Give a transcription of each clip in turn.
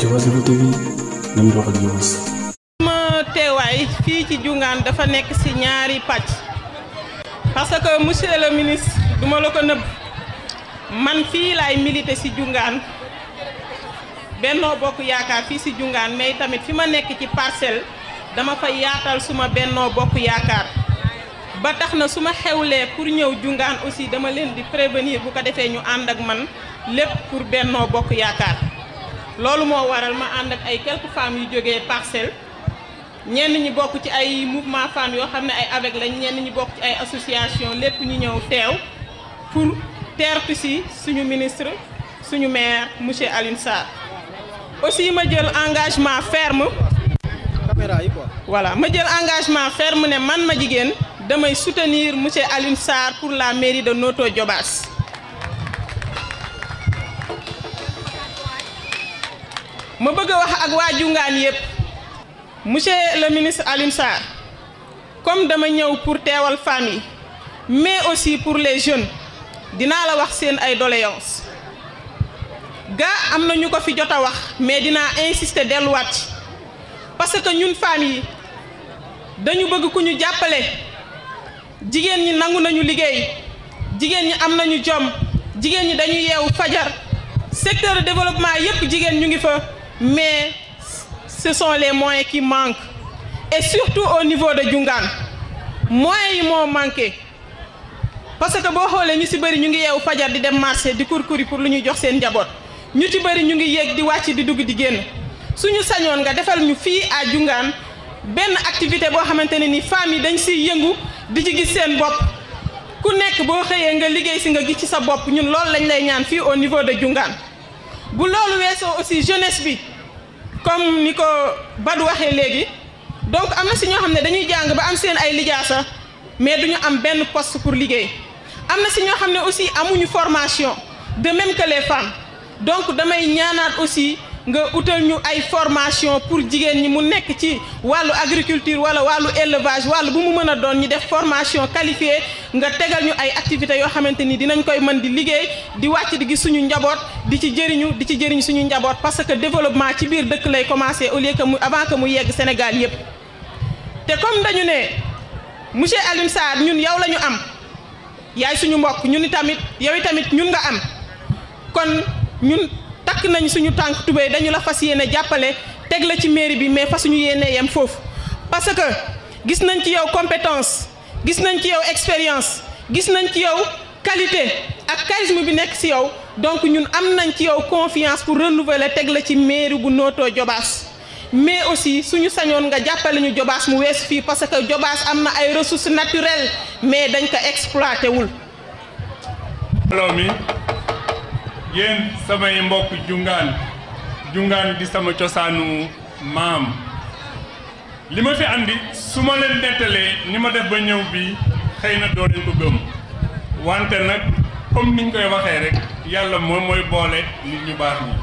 Jobaas Info TV nañu wax ak Jobaas. ma teewaay fii ci jungaan dafa nekk ci ñaari pàcc parce que monsieur le ministre duma la ko nëbb man fii laay milité ci jungaan bennoo bokk yaakaar fii ci jungaan mais tamit fi ma nekk ci parcelle dama fa yaatal suma bennoo bokk yaakaar ba tax na su pour ñëw jungaan aussi dama leen di prévenir bu ko defee ñu ànd ak man lépp pour bennoo bokk yaakaar. lolou mo waral ma and ak ay quelques femmes yu jógee parcelle ñenn ñi bokku ci ay mouvement femmes yo xamné ay avec lañ ñenn ñi bokku ci ay association lepp ñu ñew tew pour terre si suñu ministre suñu maire monsieur Alioune Sarr aussi ma jël engagement ferme caméra yi quoi voilà ma jël engagement ferme ne man ma jigéen damay soutenir monsieur Alioune Sarr pour la mairie de Noto Diobass ma bëgg wax ak waju ngaan yépp monsieur le ministre alim Sarr comme dama ñëw pour téwal famille mais aussi pour les jeunes dina la wax seen ay doléance ga amna ñuko fi jotta wax mais dina insister delu wat parce que ñun famille dañu bëgg ku ñu jappalé jigen ñi nangu nañu liggéey jigen ñi amna ñu jom jigen ñi dañu yeewu fajar secteur développement yépp jigen ñu ngi fa mais ce sont les moyens qui manquent. Et surtout au niveau de Djungan, moyens yi m'ont manqué parce que boo xoolee ñu ci bëri ñu ngi yeewu fajar di dem marché di kurkuri pour lu ñuy jox seen njaboot ñu ci bëri ñu ngi yéeg di wàcc di dugg di génn suñu sañoon nga defal ñu fii à Djungan ben activité bo xamanteni ni fami dañ ci yëngu di ci gis seen bop ku nekk bo xeye nga liggéey ci nga gi ci sa bop ñun lool lañ lay ñaan fi au niveau de Djungan bu loolu weesoo aussi jeunesse bi comme ni ko Badou waxee léegi donc am na si ñoo xam ne dañuy jàng ba am seen ay lijaasa mais duñu am benn post pour liggéey am na si ñoo xam ne aussi amuñu formation de même que les femmes donc damay ñaanaat aussi nga utal ñu ay formation pour jigéen ñi mu nekk ci wàllu agriculture wala wàllu élevage wàllu bu mu mën a doon ñu def formation qualifiée nga tegal ñu ay activités yoo xamante ni dinañ koy mën di liggéey di wàcc di gis suñu njaboot di ci jëriñu di ci jëriñ suñu njaboot parce que développement ci biir dëkk lay commencer au que mu avant que mu yegg Sénégal yépp te comme dañu ne monsieur Alioune ñun yow lañu am yaay suñu mbokk ñun itamit yow itamit ñun nga am kon takk nañ suñu tànk tubéy dañu la fas yéene jàppale teg la ci mairie bi mais fasuñu yéene yem foofu parce que gis nañ ci yow compétence gis nañ ci yow expérience gis nañ ci yow qualité ak charisme bi nekk ci yow donc ñun am nañ ci yow confiance pour renouveler teg la ci mairie gu nootoo Jobaas mais aussi suñu sañoon nga jàppale ñu Jobaas mu wees fii parce que Jobaas am na ay ressources naturelles mais dañ ko exploité wul. yéen samay mbokk jungaan jungaan di sama cosaanu maam li ma fi àndi su ma leen nettalee ni ma def ba ñëw bi xëy na doo leen ko gëm wante nag comme niñ koy waxee rek yàlla moom mooy boole nit ñu baax ñi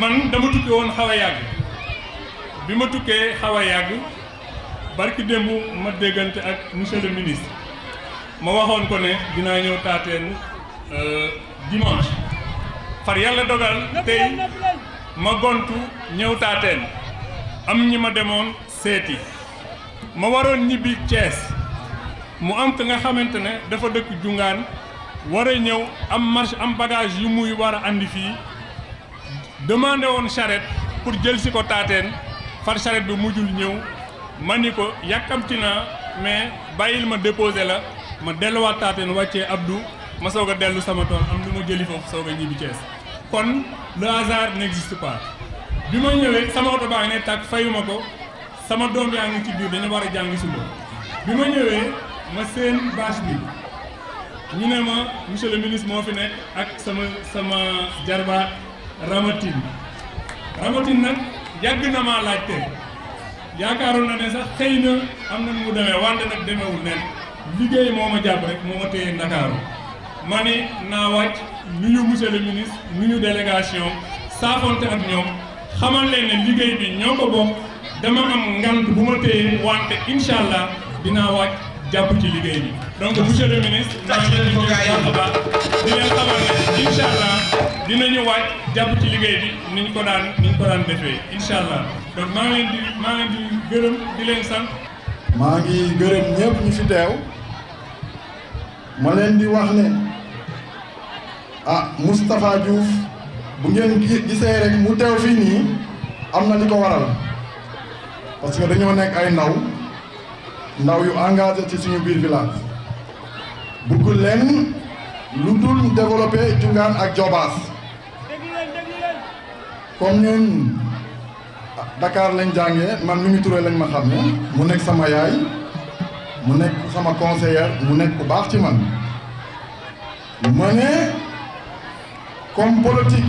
man dama tukkee woon xaw a yàgg bi ma tukkee xaw a yàgg barki démb ma déggante ak monsieur le ministre ma waxoon ko ne dinaa ñëw taateen Euh, dimanche far yàlla dogal tey ma gontu ñëw taateen am ñi ma demoon seeti ma waroon ñibbi cees mu am ka nga xamante ne dafa dëkk jungaan war ñëw am marche am bagage yu muy war a andi fii demandé woon charrette pour jël si ko taateen far charrette bi mujjul ñëw ma ni ko yàkkamti naa mais bàyyil ma déposé la ma delluwaat taateen wàccee Abdou ma soog dellu sama tool am lu ma jëli foofu soog a ñibbi Thiès kon le hasard n'existe pas bi ma ñëwee sama oto baa ne tàkk fayuma ko sama doom yaa ngi ci biir dañu war a jàng suba bi ma ñëwee ma seen bâche bi ñu ne ma monsieur le ministre moo fi nekk ak sama sama jarba Ramatine Ramatine nag yàgg na maa laajte yaakaaroon na ne sax xëy na am na mu demee wante nag demewul nen liggéey moo ma jàpp rek moo ma téye Ndakaaru ma ni naa wàcc nuyu monsieur le ministre nuyu délégation saafonte ak ñoom xamal leen liggéey bi ñoo ko bokk dama am ngant bu ma téye wante incha allah dinaa wàcc jàpp ci liggéey bi donc monsieur le ministre maa ngi leen di nuyu baax di leen xamal ne incha allah dinañu wàcc jàpp ci liggéey bi ni ñu ko daan ni ñu ko daan defee incha allah donc maa ngi leen di maa leen di gërëm di leen sant. maa ngi gërëm ñëpp ñu fi teew ma leen di wax ne. ah Moustapha Diouf bu ngeen gisee rek mu teew fii am na li ko waral parce que dañoo nekk ay ndaw ndaw yu engagé ci suñu biir village bëgg leen lu dul développé Dioughane ak Diobass comme ñun ah, Dakar lañ jàngee man mi ñu turee lañ ma mu nekk sama yaay mu nekk sama conseillère mu nekk ku baax ci man ma comme politique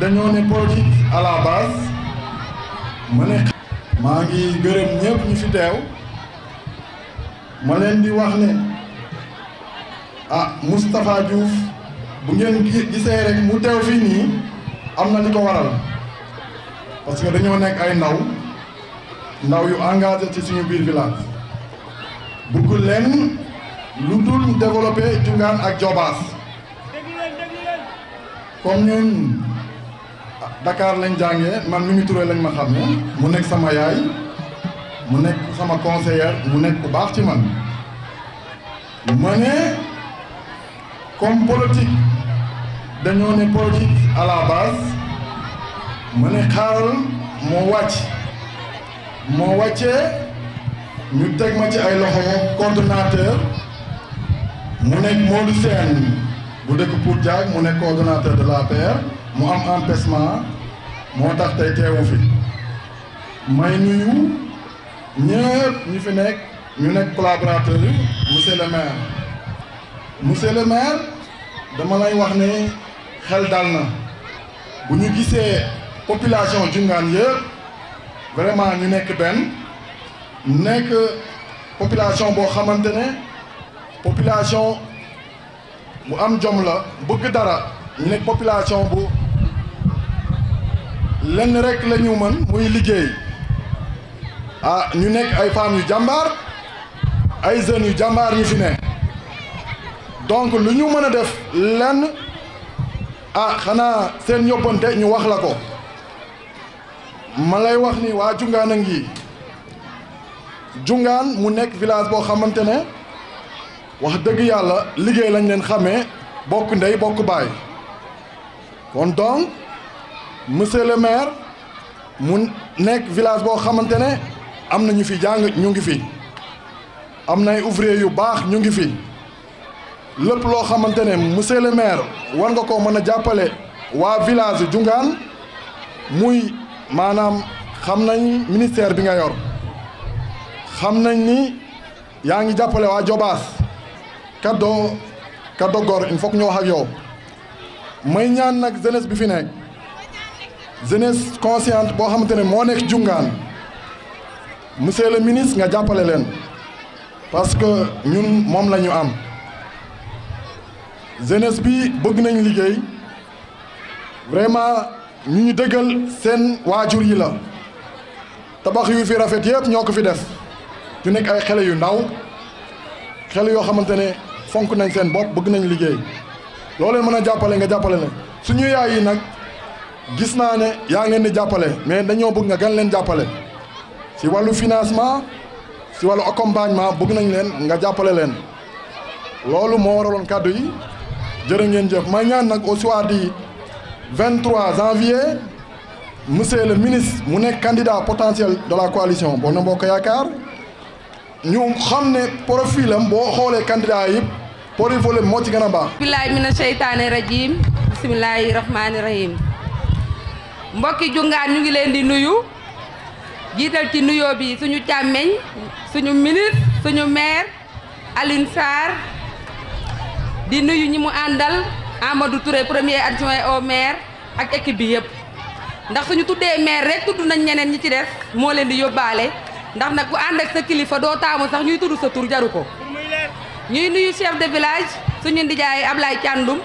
dañoo ne politique à la base ma ne maa ngi gërëm ñëpp ñu fi teew ma leen di wax ne a ah, Moustapha Diouf bu ngeen gisee mu teew fii nii am na li ko waral parce que dañoo nekk ay ndaw ndaw yu engagé ci suñu biir village bëgg leen lu dul développé Diougane ak Diobass comme ñun Dakar lañ jànge man Mimi Touré lañ ma xam ne mu nekk sama yaay mu nekk sama conseillère mu nekk bu baax ci man ma ne comme politique dañoo ne politique à la base ma ne xaaral moo wàcc moo wàccee ñu teg ma ci ay loxo coordonnateur mu nekk Modou Sène bu dëkk Pout Diagne mu nekk coordonnateur de l'APR mu am empêchement moo tax tey teewu fi may nuyu ñëpp ñu fi nekk ñu nekk collaborateur monsieur le maire monsieur le maire dama lay wax ne xel dal na bu ñu gisee population Diougane yëpp vraiment ñu nekk benn nekk population boo xamante ne population mu am jom la bëgg dara ñu nekk population bu lenn rek la ñu mën muy liggéey ah ñu nekk ay femmes yu jàmbaar ay jeunes yu jàmbaar ñu fi ne donc lu ñu mën a def lenn ah xanaa seen yóbbante ñu wax la ko ma lay wax ni waa jungaan a ngi jungaan mu nekk village boo xamante ne wax dëgg yàlla liggéey lañ leen xamee bokk ndey bokk baay kon donc monsieur le maire mu nekk village boo xamante ne am na ñu fi jàng ñu ngi fi am nay ouvrier yu baax ñu ngi fi lépp loo xamante ne monsieur le maire war nga ko mën a jàppale waa village Jungaan muy maanaam xam nañ ministère bi nga yor xam nañ ni yaa ngi jàppale waa Jobaas kaddo kaddo góor il faut que ñu wax ak yow may ñaan nag jeunesse bi fi nekk jeunesse consciente boo xamante ne moo nekk jungaan monsieur le ministre nga jàppale leen parce que ñun moom la ñu am jeunesse bi bëgg nañu liggéey vraiment ñu ñu dëggal seen waajur yi la tabax yu fi rafet yëpp ñoo ko fi def ñu nekk ay xele yu ndaw xele yoo xamante ne fonk nañ seen bopp bëgg nañ liggéey looleen mën a jàppale nga jàppale ne suñu yaay yi nag gis naa ne yaa ngi leen di jàppale mais dañoo bëgg nga gan leen jàppale si wàllu financement si wàllu accompagnement bëgg nañ leen nga jàppale leen loolu moo waraloon kàddu yi jërë ngeen jëf may ñaan nag au soir du 23 janvier monsieur le ministre mu nekk candidat potentiel de la coalition Benno Bokk Yaakaar ñu xam ne profil boo xoolee candidat yëpp profil moo ci gën a baax. bilaay mina seytaane rajim bisimilahi rahmaani rahim mbokki jungaan ñu ngi leen di nuyu jiital ci nuyoo bi suñu càmmeñ suñu ministre suñu maire Alioune Sarr di nuyu ñi mu àndal Amadou Touré premier adjoint au maire ak équipe bi yëpp ndax suñu tuddee maire rek tudd nañ ñeneen ñi ci def moo leen di yóbbaale. ndax nak ku and ak sa kilifa do taamu sax ñuy tuddu sa tur jaruko ñuy nuyu chef de village suñu ndijay ablay tiandum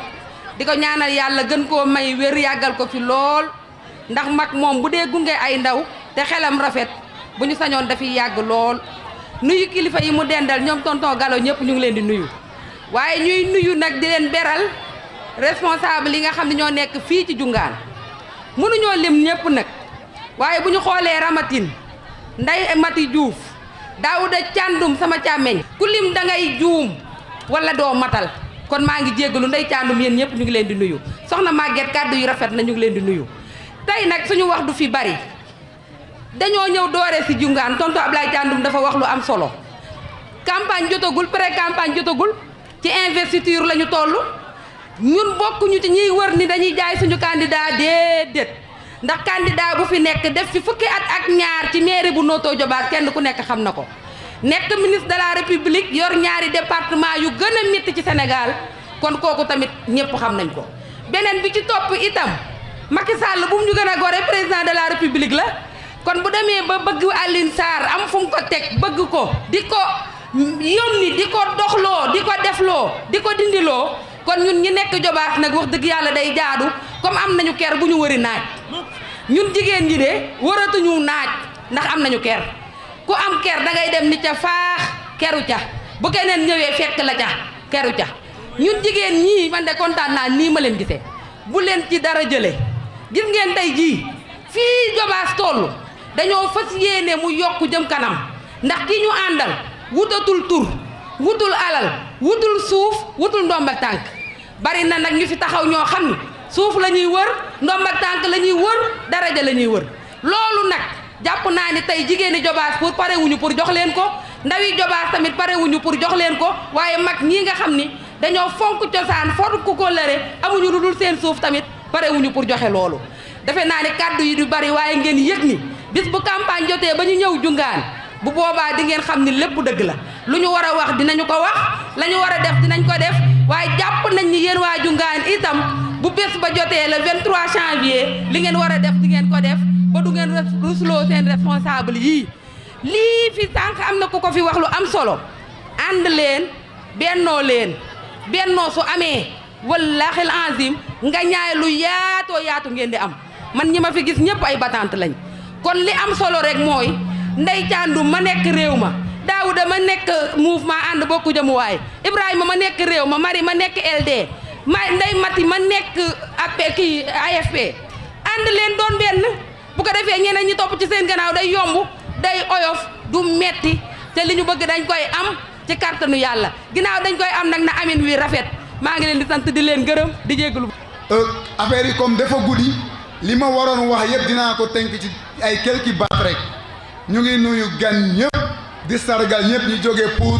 diko ko ñaanal yalla gën ko may wër yagal ko fi lool ndax mak mom bu dee ay ndaw te xélam rafet buñu sañon sañoon dafiy yàgg lool nuyu kilifa yi mu dendal ñom tonton galo ñepp ñu ngi leen di nuyu waye ñuy nuyu nak di leen béral responsable yi nga xamni ño nekk ci jungaan lim ñepp nak waye buñu xolé Ramatine nday mati djouf daawuda càndum sama càmmeñ kulim da ngay djoum wala do matal kon mangi ngi nday càndum yéen ñëpp ñu ngi leen di nuyu soxna Maguette kàddu yu rafet na ñu ngi leen di nuyu tay nak suñu wax du fi bari dañoo ñew dooree ci djungaan tonto Ablaye Thiandoum dafa wax lu am solo campagne jotagul pré campagne jotagul ci investiture lañu tollu ñun bokku ñu ci ñi wër ni dañuy jaay suñu candidat dedet ndax candidat bu fi nekk def fi fukki at ak ñaar ci mairie bu Notto Diobass kenn ku nekk xam na ko nekk ministre de la république yor ñaari département yu gën a métti ci Sénégal kon kooku tamit ñëpp xam nañ ko beneen bi ci topp itam Macky Sall bu mu ñu gën a gore président de la république la kon bu demee ba bëgg Alioune Sarr am fu mu ko teg bëgg ko di ko yónni di ko doxloo di ko defloo di ko dindiloo kon ñun ñi nekk Diobass nag wax dëgg yàlla day jaadu comme am nañu ker bu ñu wëri naaj ñun jigen ñi de ñu naaj ndax am nañu kër ku am ker da ngay dem ni ca faax këru ca bu keneen ñëwé fekk la ca këru ca ñun jigen ñi man de contane na ni ma leen gisé bu leen ci dara jëlé gis ngeen tay ji fi jobaas tollu dañoo mu yok jëm kanam ndax ki ñu andal wutatul tur wutul alal wutul suuf wutul ndombal tank bari na nak ñu fi taxaw ño xamni suuf la ñuy wër ndomb ak tànk la ñuy wër daraja la ñuy wër loolu nag jàpp naa ni tey jigéeni jobaas pour pare wuñu pour jox leen ko ndawi jobaas tamit parewuñu pour jox leen ko waaye mag ñii nga xam ni dañoo fonk cosaan fonk ko lëre amuñu lu dul seen suuf tamit parewuñu pour joxe loolu defe naa ni kàddu yi du bari waaye ngeen yëg ni bis bu campagne jotee ba ñu ñëw jungaan bu boobaa di ngeen xam ni lépp dëgg la lu ñu war a wax dinañu ko wax lañu war a def dinañ ko def bu bés ba jotee le 23 janvier li ngeen war a def di ngeen ko def ba du ngeen rusloo seen responsable yii lii fi sànq am na ku ko fi wax lu am solo ànd leen bennoo leen bennoo su amee wallaaxil enzim nga ñaay lu yaatoo yaatu ngeen di am man ñi ma fi gis ñëpp ay batante lañ kon li am solo rek mooy ndey càndu ma nekk réew ma daawuda ma nekk mouvement ànd bokku jëmuwaay ibrahima ma nekk réew ma mari ma nekk LD ma nday mati ma nekk AP kii AFP ànd leen doon benn bu ko defee ñeneen ñi topp ci seen gannaaw day yomb day oyof du te li ñu bëgg dañ koy am ci kàttanu yàlla ginnaaw dañ koy am nag na amin wi rafet maa ngi leen di sant di leen gërëm di jégalu. Euh, affaire yi comme dafa guddi li ma waroon wax yëpp dinaa ko tënk ci ay quelques baat rek ñu ngi nuyu gan ñëpp di sargal ñëpp ñu jóge Pout.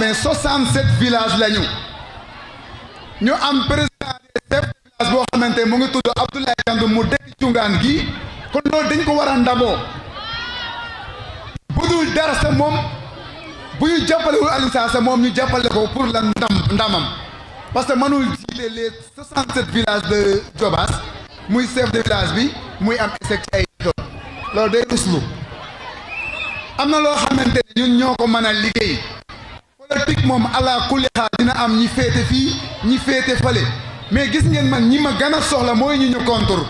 amee 67 villages la ñu ñu am président des chefs de village boo xamante mu ngi tudd Abdoulaye Kandu mu dëkk cungaan gi kon loolu dañ ko war a ndamoo bu dul dara sa moom bu ñu jàppalewul Aliou sa moom ñu jàppale ko pour la ndam ndamam parce que mënul jiile les 67 villages de Diobass muy chef de village bi muy am échec ay doon loolu day uslu am na loo xamante ne ñun ñoo ko mën a liggéey politique moom ala kulli xaal dina am ñi féete fii ñi féete fële mais gis ngeen man ñi ma gën soxla mooy ñu ñu contour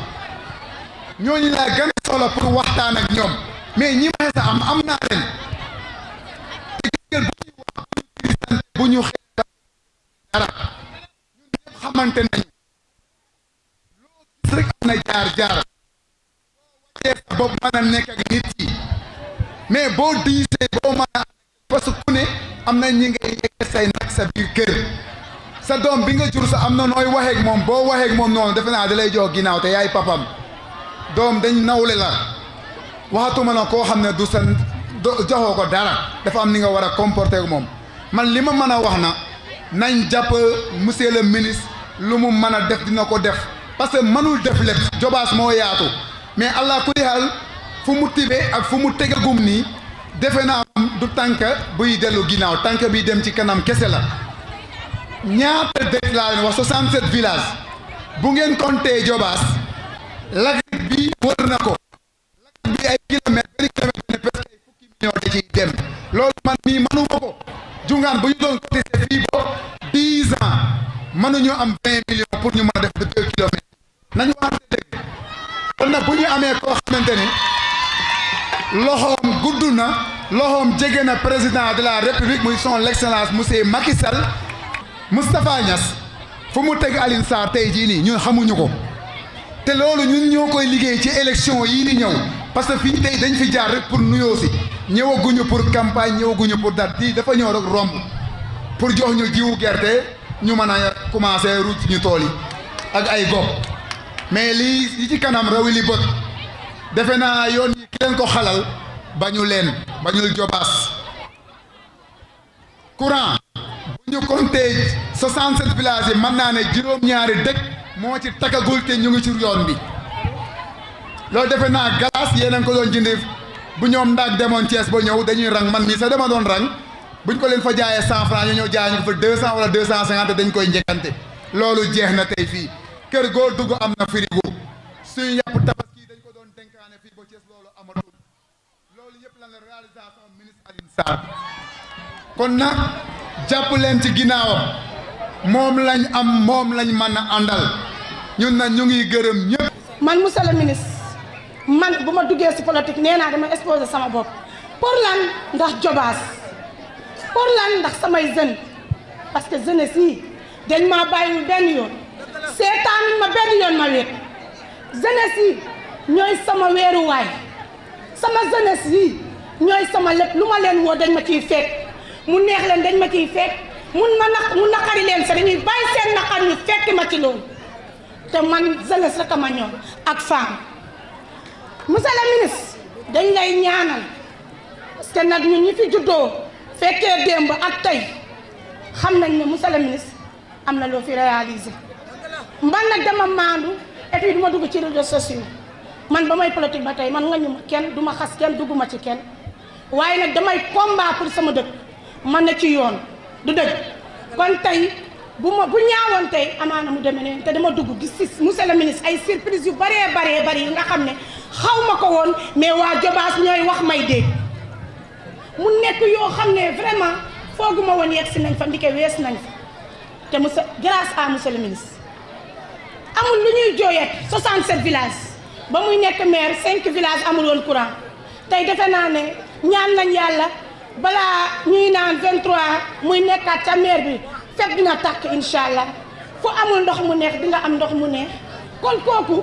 ñooñu laa gën soxla pour waxtaan ak ñoom mais ñi ma xesa am am naa leen bu ñuy wax bu ñu xeex dara ñun ñëpp xamante nañu loo rek na jaar-jaar boo wàccee sa ak nit yi mais boo diis am na ñi ngay yegg say nag sa biir kër sa doom bi nga jur sa am na nooy waxeeg moom boo waxeeg moom noonu defe naa dalay lay jox ginnaaw te yaay papam doom dañ nawle la waxatuma na koo xam ne du sa joxoo ko dara dafa am ni nga war a comporter moom man li ma mën a wax na nañ jàpp monsieur le ministre lu mu mën a def dina ko def parce que mënul def lépp jobaas moo yaatu mais allah kulli fu mu tibe ak fu mu tegagum nii defe naa du tànk buy dellu ginnaaw tànk biy dem ci kanam kese la ñaata dëkk laa leen wax 67 villages bu ngeen compter Jobaas lakk bi wër na ko lakk bi ay kilomètres bari kilomètres ne dem loolu man mii mënuma ko jungaan bu ñu doon cotiser fii bo 10 ans mënuñu am 20 millions pour ñu mën a def ba 2 kilomètres nañu waxante dëgg kon nag bu ñu amee koo xamante ni loxoom gudd na loxoom jege na président de la république muy son excellence monsieur Macky Sall Moustapha Niass fu mu teg Alioune Sarr tey jii nii ñun xamuñu ko te loolu ñun ñoo koy liggéey ci élection yii ni ñëw parce que fii tey dañ fi jaar rek pour nuyoo si ñëwaguñu pour campagne ñëwaguñu pour date di dafa ñëw rek romb pour jox ñu jiwu gerte ñu mën a commencé ruuj ñu tool yi ak ay gopp mais lii li ci kanam rawi li bët defe naa yoon leen ko xalal bañu leen bañul jobaas courant bu ñu compté 67 villages yi mën naa ne juróom-ñaari dëkk moo ci taggagul te ñu ngi ci yoon bi loo defe naa galaas yéen a ko doon jënd bu ñoom ndaag demoon Thiès ba ñëw dañuy rang man mii sax dama doon rang buñ ko leen fa jaayee 100 francs ñu ñëw jaay ñu fa 200 wala 250 dañ koy njëkkante loolu jeex na tey fii kër goo dugg am na firigo suñu yàpp tabaski Sarr kon nag jàpp leen ci ginnaaw moom lañ am moom lañu mën a àndal ñun na ñu ngi gërëm ñëpp. man monsieur le ministre man bu ma duggee si politique nee naa dama exposé sama bopp pour lan ndax jobaas pour lan ndax samay jeunes parce que jeunesse yi dañ maa bàyyiwul benn yoon seetaanuñ ma benn yoon ma wéet jeunesse yi ñooy sama weeruwaay sama jeunesse yi. ñooy sama lépp lu ma leen moo dañ ma ciy fekk mu neex leen dañ ma ciy fekk mun ma naq mu naqari leen sa dañuy bàyyi seen naqar ñu fekk ma ci loolu te man jeunesse rek a ma ñoom ak femme mu le ministre dañ lay ñaanal parce que nag ñun ñi fi juddoo fekkee démb ak tey xam nañ ne monsieur le ministre am na loo fi réalisé man nag dama maandu et puis du ma dugg ci réseaux sociaux man ba may politique ba tey man nga ma kenn du ma xas kenn dugguma ci kenn waaye nag damay combat pour sama dëkk man na ci yoon du dëgg kon tey bu ma bu ñaawoon tey amaana mu deme neen te dama dugg di si monsieur le ministre ay surprise yu baree baree bari yu nga xam ne xaw ma ko woon mais waa Jobaas ñooy wax may dégg mu nekk yoo xam ne vraiment foogu ma woon yegg si nañ fa ndike wees nañ fa te monsieur grâce à monsieur le ministre amul lu ñuy jooyet 67 villages ba muy nekk maire 5 villages amul woon courant tay defe naa ne ñaan nañ yalla bala ñuy naan 23 muy nekkat ca meer bi fekk dina tak inshallah allah fu amul ndox mu neex dina am ndox mu neex kon koku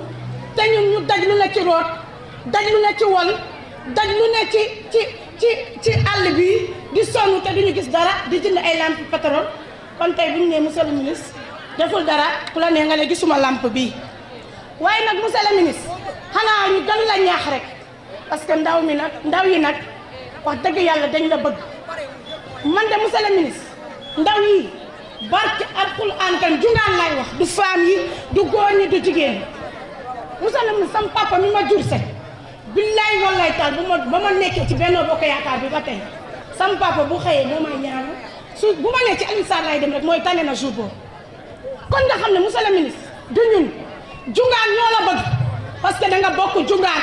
te ñun ñu daj lu ne ci root daj lu ci wal daj lu ne ci ci ci ci all bi di sonu te duñu gis dara di jënd ay lampe pétrole kon tay buñu ñu monsieur le ministre deful dara ku la nee nga ne gisuma lampe bi waye nak monsieur le ministre xana ñu gën la ñaax rek parce que ndaw mi nag ndaw yi nag wax dëgg yàlla dañ la bëgg man de monsieur le ministre ndaw yi barke alxuraan kan jungaan lay wax du femme yi du góor ñi du jigéen mi ma jur se billaay bu ci Benno Bokk Yaakaar bi xëyee moo may ñaanu bu ma nee ci Alioune Sarr laay dem rek mooy tane na jour kon nga xam ne monsieur le ministre du ñun jungaan ñoo la bëgg parce que da bokk jungaan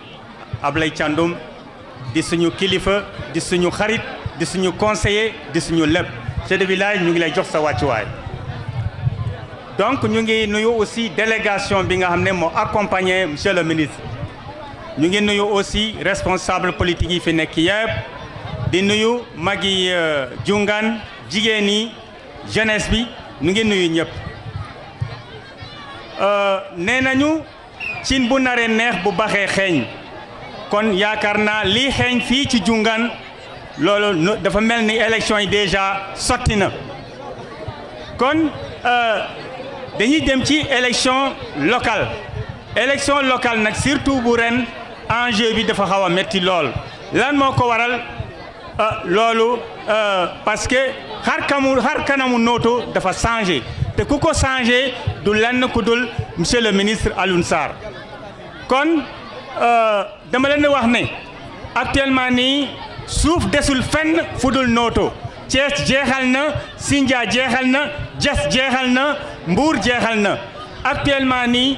Ablay Tchandoum, des suñu kilifa di suñu Kharit, di suñu conseiller di suñu C'est de que nous sa donc nous avons aussi aussi délégation qui nga accompagné monsieur le ministre Nous avons aussi responsable politique politiques qui di nuyu magi aussi euh, jungaan Nous jeunesse bi ñu kon yakarna li xegn gens ci dafa ont election élection est déjà na kon euh, dañuy dem ci élection locale élection locale surtout bu ren enjeu bi dafa xawa metti lol ont moko waral euh, euh, parce que har kamu har kanamu dafa du monsieur le ministre alunsar Euh, dama leen wax ne actuellement nii suuf desul fenn fudul nooto Thiès jeexal na Sindia jeexal na Diass jeexal na Mbour jeexal na actuellement nii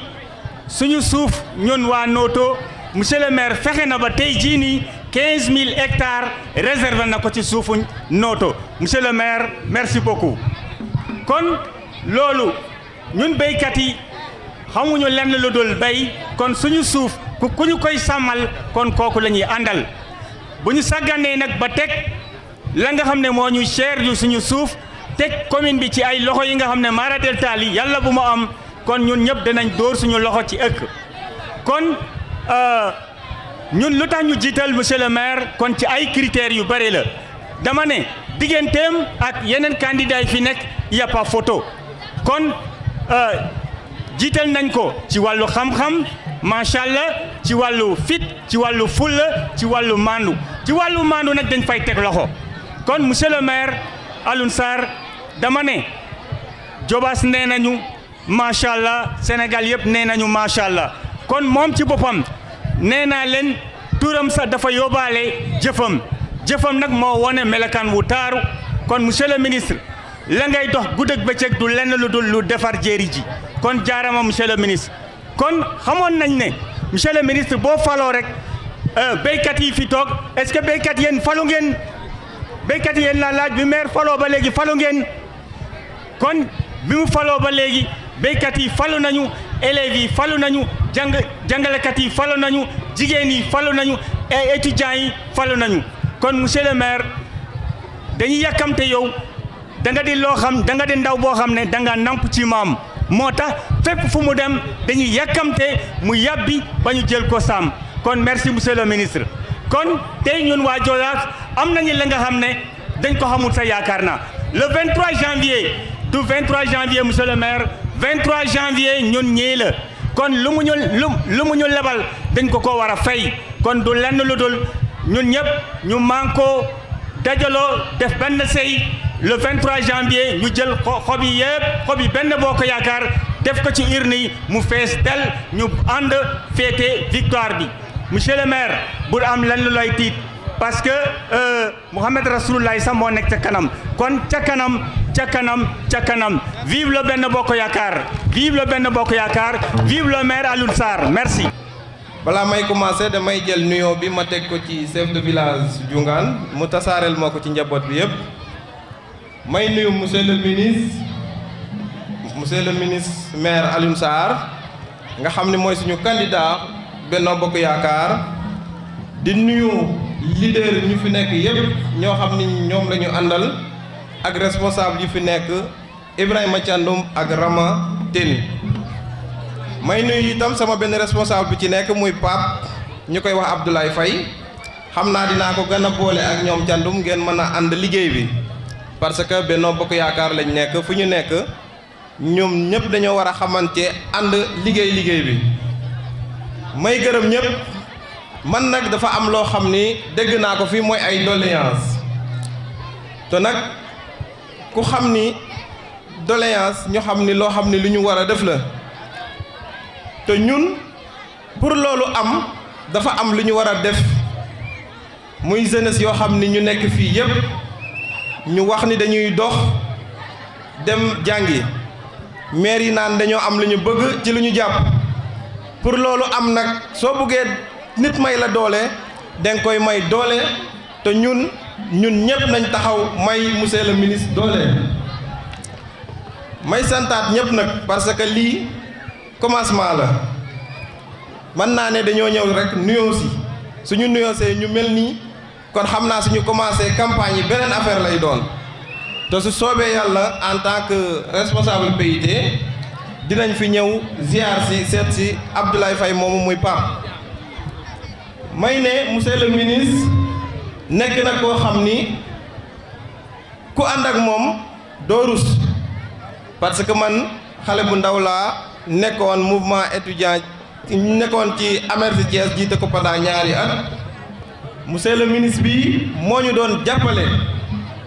suñu suuf ñun waa nooto monsieur le maire fexe na ba tey jii nii quinze mille hectares réservé na ko ci suufu nooto monsieur le maire merci beaucoup kon loolu ñun béykat yi xamuñu lenn lu dul bay kon suñu suuf ku ku ñu koy sàmmal kon kooku la ñuy àndal bu ñu sàgganee nag ba teg la nga xam ne moo ñuy cher yu suñu suuf teg commune bi ci ay loxo yi nga xam ne maaratel taali yi yàlla bu ma am kon ñun ñëpp danañ dóor suñu loxo ci ëkk kon euh, ñun lu tax ñu jiital monsieur le maire kon ci ay critères yu bëri la dama ne digganteem ak yeneen candidats yi fi nekk y photo kon euh, jiital nañ ko ci wàllu xam-xam macha allah ci wàllu fit ci wàllu fulla ci wàllu maandu ci wàllu maandu nag dañ fay teg loxo kon monsieur le maire Alioune Sarr dama ne Jobaas nee nañu macha allah Sénégal yëpp nee nañu macha allah kon moom ci boppam nee naa leen turam sax dafa yóbbaale jëfam jëfam nag moo wone melekaan wu taaru kon monsieur le ministre la ngay dox guddeeg bëccëg du lenn lu dul lu defar jéeri ji. kon jaarama monsieur le ministre kon xamoon nañ ne monsieur le ministre boo faloo rek euh, béykat yi fi toog est-ce que béykat yéen falu ngeen béykat yéen na laaj bi maire faloo ba léegi falu ngeen kon bi mu faloo ba léegi béykat yi falu nañu élèves yi falu nañu jàng jàngalekat yi falu nañu jigéen yi falu nañu et yi falu nañu kon monsieur le maire dañuy yàkkamte yow danga nga di loo xam da nga di ndaw boo xam ne da nga namp ci maam moo tax fépp fu mu dem dañuy yàkkamte mu yàbbi ba ñu jël ko sàmm kon merci monsieur le ministre kon tey ñun waa Jolaaf am nañu la nga xam ne dañ ko xamul sa yaakaar naa le 23 janvier du 23 janvier monsieur le maire 23 janvier ñun ñii la kon lu mu ñu lu lu mu ñu lebal dañ ko ko war a fay kon du lenn lu dul ñun ñëpp ñu mànkoo dajaloo def benn sey le 23 janvier ñu jël xob yi yëpp benn boo ko yaakaar def ko ci urne yi mu fees tel ñu ànd féete victoire bi monsieur le maire bu am lenn looy tiit parce que euh, Mouhamed Rasulullah sax moo nekk ca kanam kon ca kanam ca kanam ca kanam vive le benn bokk yaakaar vive le benn bokk yaakaar vive le maire Alioune Sarr merci. balaa may commencé damay jël nuyoo bi ma teg ko ci chef de village Dioungane mu tasaareel moo ko ci njaboot bi yëpp. may nuyu monsieur le ministre monsieur le ministre maire Alioune sar nga xamni moy suñu candidat Benno Bokk di nuyu leader ñu fi nek yeb ño xamni ni lañu andal ak responsable yi fi nek Ibrahima tiandum ak Rama ten may nuyu itam sama ben responsable bi ci nek muy pap ñukoy Fai, wax Abdoulaye fay xamna dina ag ko gëna a boole ak ñom tiandum ngeen mëna and bi parce que Benno Bokk Yaakaar lañ nekk fu ñu nekk ñoom ñëpp dañoo war a xamante ànd liggéey liggéey bi may gërëm ñëpp man nag dafa am loo xam ni dégg naa ko fi mooy ay doléance te nag ku xam ni doléance ñu xam ni loo xam ni lu ñu war a def la te ñun pour loolu am dafa am lu ñu war a def muy jeunesse yoo xam ni ñu nekk fii yëpp. ñu wax ni dañuy dox dem janji, mary yi naan dañoo am luñu bëgg ci luñu japp pour lolu am nak so buggee nit may la doole danga koy may doole te ñun ñun ñepp nañ taxaw may monsieur le ministre doole may santat ñepp nak parce que li commencement la man na né dañoo ñew rek nuyo si suñu nuyo sé ñu melni kon xam naa suñu commencé campagne yi beneen affaire lay doon te su soobee yàlla en tant que responsable PIT dinañ fi ñëw ziar si seet si Abdoulaye Faye moomu muy Pape may ne monsieur le ministre nekk na koo xam ni ku ànd ak moom doo rus parce que man xale bu ndaw laa nekkoon mouvement étudiant nekkoon ci Amersi Thiès jiite ko pendant ñaari at monsieur le ministre bi moo ñu doon jàppale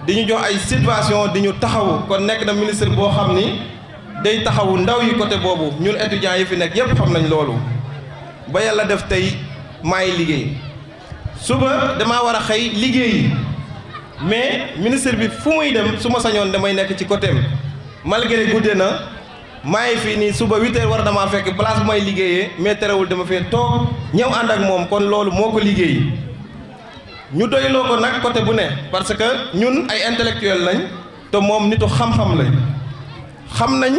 di ñu jox ay situation di ñu taxawu kon nekk na ministre boo xam ni day taxawu ndaw yi côté boobu ñun étudiants yi fi nekk yépp xam nañ loolu ba yàlla def tey maay liggéey suba damaa war a xëy liggéeyi mais ministre bi fu muy dem su ma sañoon damay nekk ci côté am malgré guddee na maa ngi fii nii suba huit heures war damaa fekk place bu may liggéeyee mais terewul dama fee toog ñëw ànd ak moom kon loolu moo ko liggéey ñu doyloo ko nag côté bu ne parce que ñun ay intellectuel lañ te moom nitu xam-xam lañ xam nañ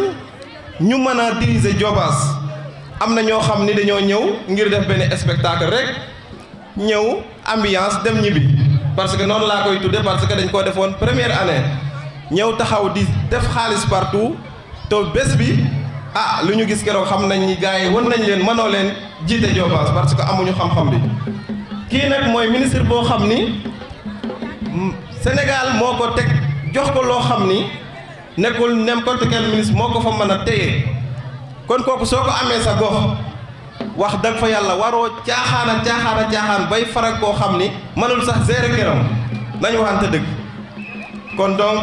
ñu mën a diriger Diobass am na ñoo xam ni dañoo ñëw ngir def benn spectacle rek ñëw ambiance dem ñibbi parce que noonu laa koy tudde parce que dañ koo defoon première année ñëw taxaw di def xaalis partout te bés bi ah lu ñu gis keroog xam nañ ni gars yi wan nañ leen mënoo leen jiite Diobass parce que amuñu xam-xam bi kii nag mooy ministre boo xam ni Sénégal moo ko teg jox ko loo xam ni nekkul n'importe quel ministre moo ko fa mën a téye kon kooku soo ko amee sa gox wax dëgg fa yàlla waroo caaxaana caaxaana caaxaan bay farag koo xam ni mënul sax gérer këram nañu waxante dëgg kon donc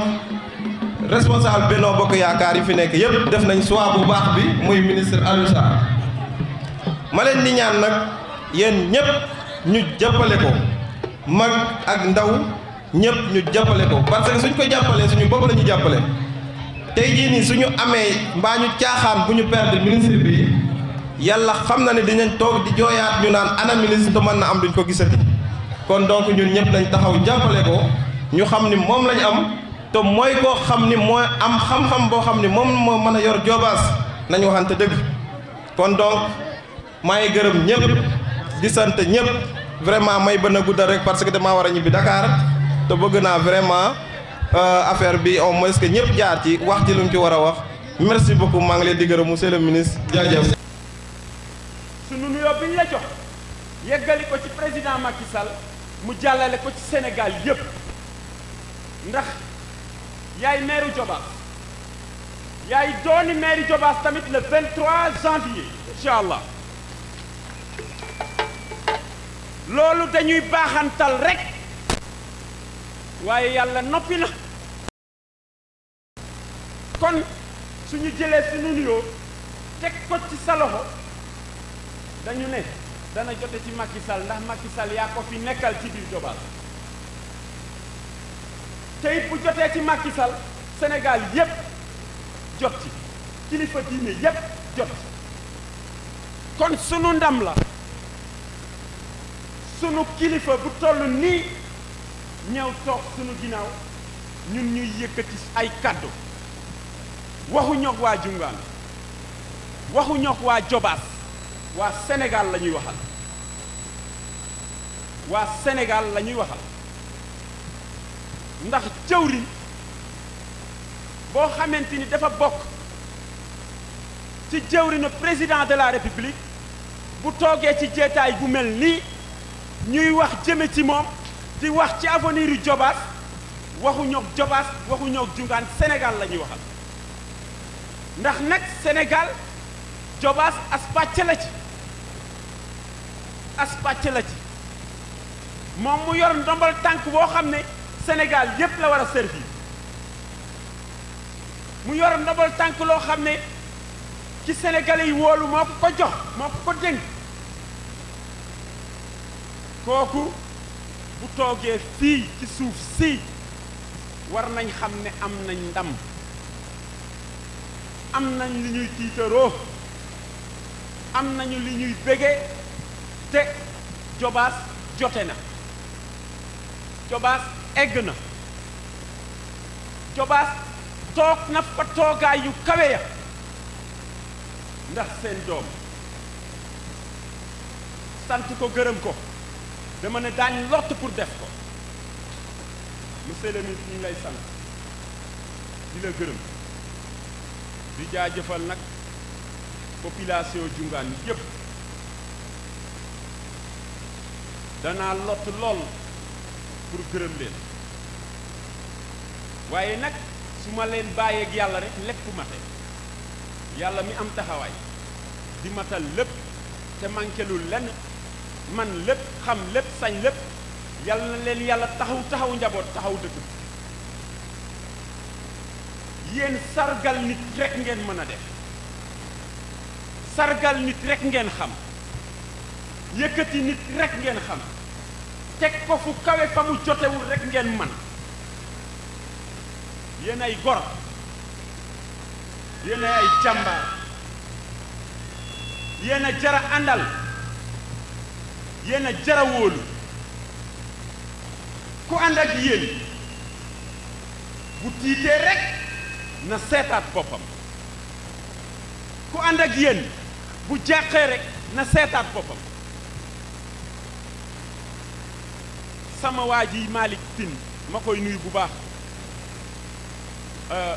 responsable bennoo Bokk Yaakaar yi fi nekk yëpp def nañ choix bu baax bi muy ministre Aliou ma leen di ñaan nag yéen ñëpp. ñu jàppale ko mag ak ndaw ñëpp ñu jàppale ko parce suñ ko jàppalee suñu bopp la ñu jàppale tey jii nii suñu amee mbaa ñu caaxaan bu ñu perdre ministre bi yàlla xam na ne dinañ toog di jooyaat ñu naan ana ministre te mën na am duñ ko gisati kon donc ñun ñëpp nañ taxaw jàppale ko ñu xam ni moom lañ am te mooy koo xam ni mooy am xam-xam boo xam ni moom moo mën a yor joobaas nañ waxante dëgg kon donc maa ngi gërëm ñëpp di sant ñëpp vraiment may bën a guddal rek parce que damaa war a ñibbi dakaar te bëgg naa vraiment euh, affaire bi au moins que ñëpp jaar ci wax ci lu mu ci war a wax merci beaucoup maa leen di gërëm monsieur le ministre jaajëf. sunu nuyoo bi la jox yeggali ko ci président Macky Sall mu jàllale ko ci Sénégal yëpp ndax yaay meeru Jobaas yaay dooni meeru Jobaas tamit le 23 janvier incha allah. loolu dañuy baaxantal rekk waaye yàlla noppi na kon suñu jëlee suñu nuyoo teg ko ci sa loxo dañu ne dana jote ci Macky Sall ndax Macky Sall yaa ko fi nekkal ci biir Jobaal te bu jotee ci Macky Sall Sénégal yépp jot ci kilifa diine yépp jot ci kon sunu ndam la sunu kilifa bu toll nii ñëw toog sunu ginnaaw ñun ñuy yëkkati ay kàddu waxuñook waa jungaan waxuñook waa jobaas waa Sénégal la waxal waa Sénégal lañuy ñuy waxal ndax jëwriñ boo xamante ni dafa bokk ci jëwriñu président de la république bu toogee ci jeetaay bu mel nii Nous wax jëme ci moom di wax ci avenir Jobaas waxuñoo Jobaas waxuñoo jungaan Sénégal la ñuy waxal Sénégal Jobaas as la ci la ci mu yor Sénégal yépp la a mu yor ndombal tànk loo kooku bu toogee fii ci suuf si war nañ xam ne am nañ ndam am nañ li ñuy am nañu li ñuy bége te jobaas jote na jobaas egg na jobaas toog na fa toogaay yu kawe ya ndax seen doom sant ko gërëm ko dama ne daañ lott pour def ko monsieur le ministre lay sant di la gërëm di jaajëfal nag population jungaan yépp danaa lott lool pour gërëm leen waaye nag su ma leen bàyyeeg yàlla rek lépp mate yàlla mi am taxawaay di matal lépp te manqué lenn man lépp xam lépp sañ lépp yàlla na leen yàlla taxaw taxaw njaboot taxaw dëkk bi yéen sargal nit rek ngeen mën a def sargal nit rek ngeen xam yëkkati nit rek ngeen xam teg ko fu kawe fa mu jotewul rek ngeen man yéen ay gor yéen ay jàmbaar yéen a jara àndal yéen a jara ku ànd ak yéen bu tiitee rek na seetaat boppam ku ànd ak yéen bu jàqee rek na seetaat boppam sama waa ji Malick Tine ma koy nuyu bu baax euh,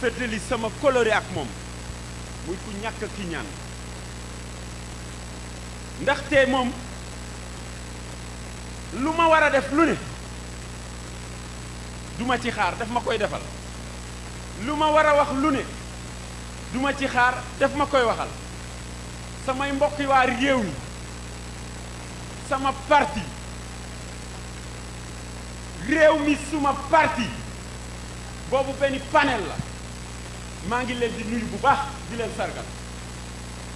feddali sama coloré ak moom muy ku ñàkk ki ñaan ndaxte moom lu ma war a def lu ne du ci xaar daf ma koy defal lu ma war a wax lu ne duma ci xaar daf ma koy waxal samay mbokk waa réew mi sama parti réew mi suma parti boobu benn panel la maa ngi leen di nuyu bu baax di leen sargal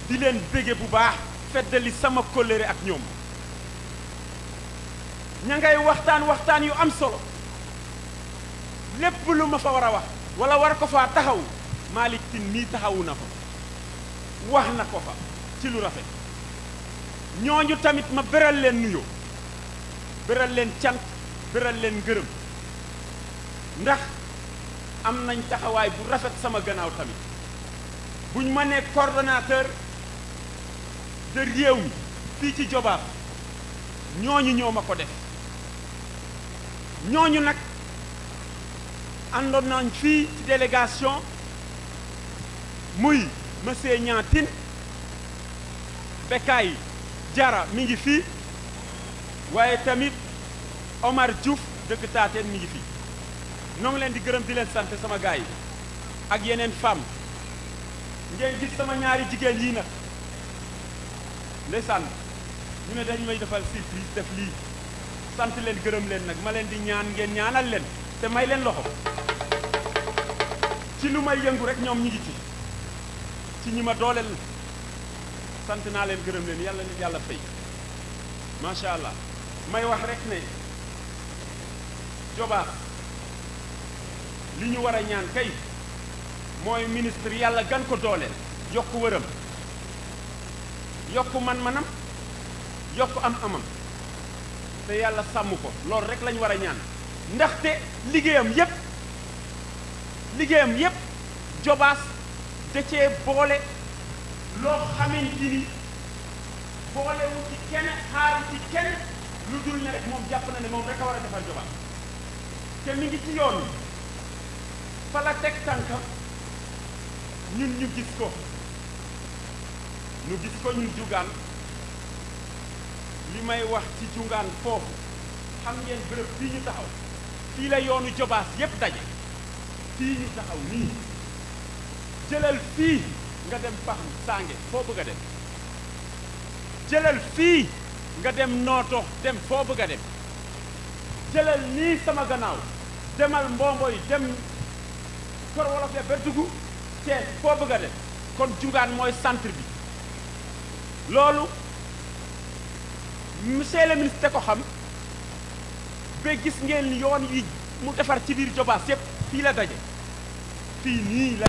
di leen bége bu baax feddali sama kóllëre ak ñoom ña ngay waxtaan waxtaan yu am solo lépp lu ma fa war a wax wala war ko faa taxaw Malick Tine mii taxawu na fa wax na ko fa ci lu rafet ñooñu tamit ma beral leen nuyoo beral leen cant beral leen ngërëm ndax am nañ taxawaay bu rafet sama gannaaw tamit buñ ma nee coordonnateur de réew mi fii ci Jobaab ñooñu ñoo ma ko def Nous avons une une délégation muy monsieur Niantine Bekay Jara mi ngi Omar Diouf dëkk Taateen mi ngi fii de ngi di gërëm di femme. sama gars ak femme ngeen gis sama ñaari jigéen sant leen gërëm leen nag ma leen di ñaan ngeen ñaanal leen te may leen loxo ci lu may yëngu rek ñoom ñi ngi ci ci ñi ma dooleel sant naa leen gërëm leen yàlla na yàlla fay macha allah may wax rek ne jobaat li ñu war a ñaan kay mooy ministre yàlla gan ko dooleel yokk wëram yokk man-manam yokk am-amam. te yàlla sàmm ko loolu rek lañu war a ñaan ndaxte liggéeyam yépp liggéeyam yépp jobaas da cee boole loo xamante ni boolewu ci kenn xaaru ci kenn lu dul ne rek moom jàpp na ne moom rek a war a defar jobaas te mi ngi ci yoon fa la teg tànkam ñun ñu gis ko ñu gis ko ñun jugaan li may wax ci jungaan foofu xam ngeen bërëb fii ñu taxaw fii la yoonu jobaas yépp daje fii ñu taxaw nii jëlal fii nga dem baxam sànge foo bëgg a dem jëlal fii nga dem nooto dem foo bëgg a dem jëlal nii sama gannaaw demal mbomboy dem kor wolof ya ba dugg foo bëgg a dem kon jungaan mooy centre bi loolu monsieur seele ministre te ko xam ba gis ngeen yoon yi mu defar ci biir Jobaas yépp fii la daje fii nii la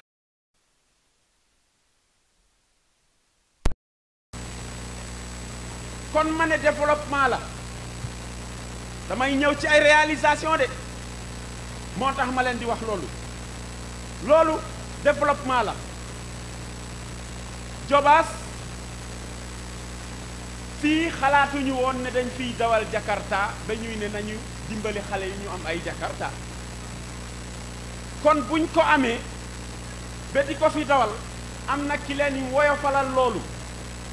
kon ma ne développement la damay ñëw ci ay réalisation de moo tax ma leen di wax loolu loolu développement la Jobaas xalaatu ñu woon ne dañ fiy dawal jakarta ba ñuy ne nañu dimbali xale yi ñu am ay jakarta kon buñ ko amee ba di ko fi dawal am na ki leen woyofalal loolu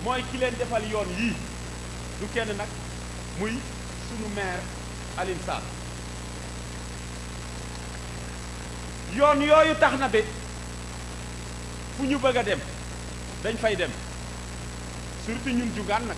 mooy ki leen defal yoon yii du kenn nag muy sunu maire Alioune Sall yoon yooyu tax na ba fu ñu bëgg dem dañ fay dem surtout ñun jugaan nag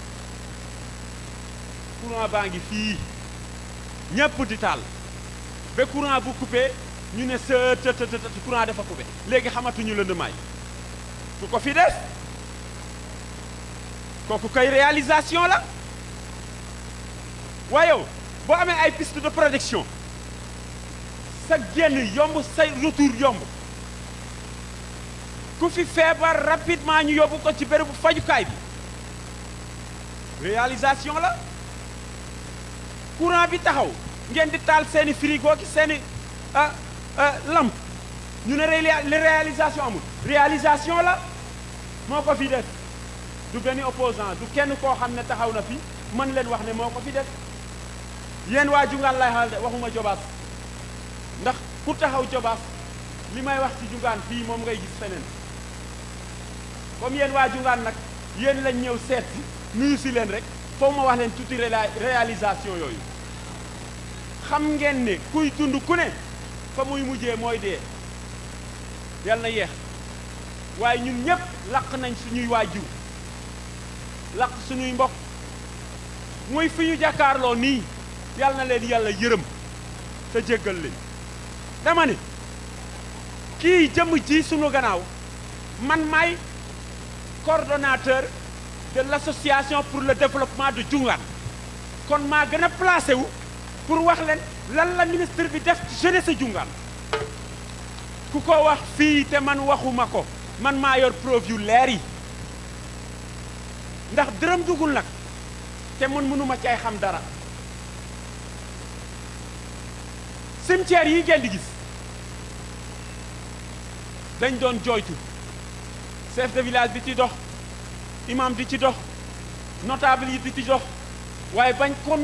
courant baa le ñepp di taal Le courant bu coupé ñu ne se te te te courant dafa coupé ñu le ku ko fi Vous avez kay réalisation la wayo bo amé ay piste de production sa génn yomb say retour yomb ku fi rapidement ñu yobbu ko ci bi réalisation la courant bi taxaw ngeen di taal frigo euh, euh, lampe ñu ne réalisation réalisation la moo fi opposant du kenn ne taxaw na fi man leen wax ne moo fi def de waxuma jobaas ndax ku taxaw jobaas li wax ci comme yéen waa jungaan nag yéen lañ ñëw seet nuyu leen réalisation xam ngeen ni kuy tund ku ne fa muy mujjee mooy dee yal na yeex waaye ñun ñépp laq nañ suñuy waajur laq suñuy mbokk mooy fi ñu jàkkaarloo nii yal na leen yàlla yërëm te jéggal leen dama ne kii jëm ji sunu gannaaw man maay coordonnateur de l'association pour le développement de Diougane kon maa gën a placé wu pour wax leen lan la ministre bi def jeunesse jungaan ku ko wax fii te man waxuma ko man maa yor preuve yu leer yi ndax dërëm dugul nag te mën mënuma cay xam dara cimetière yi ngeen di gis dañ doon jooytu chef de village bi ci dox imam di ci dox notable yi di ci dox waaye bañ kon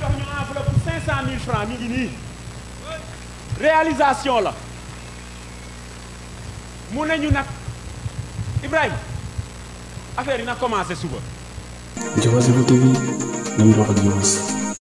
jox ñu enveloppe pour 500000 francs mi ngi nii réalisation la mu ne ñu nag Ibrahima affaire yi nag commencé suba. Jomassi TV nañu wax ak Jomassi.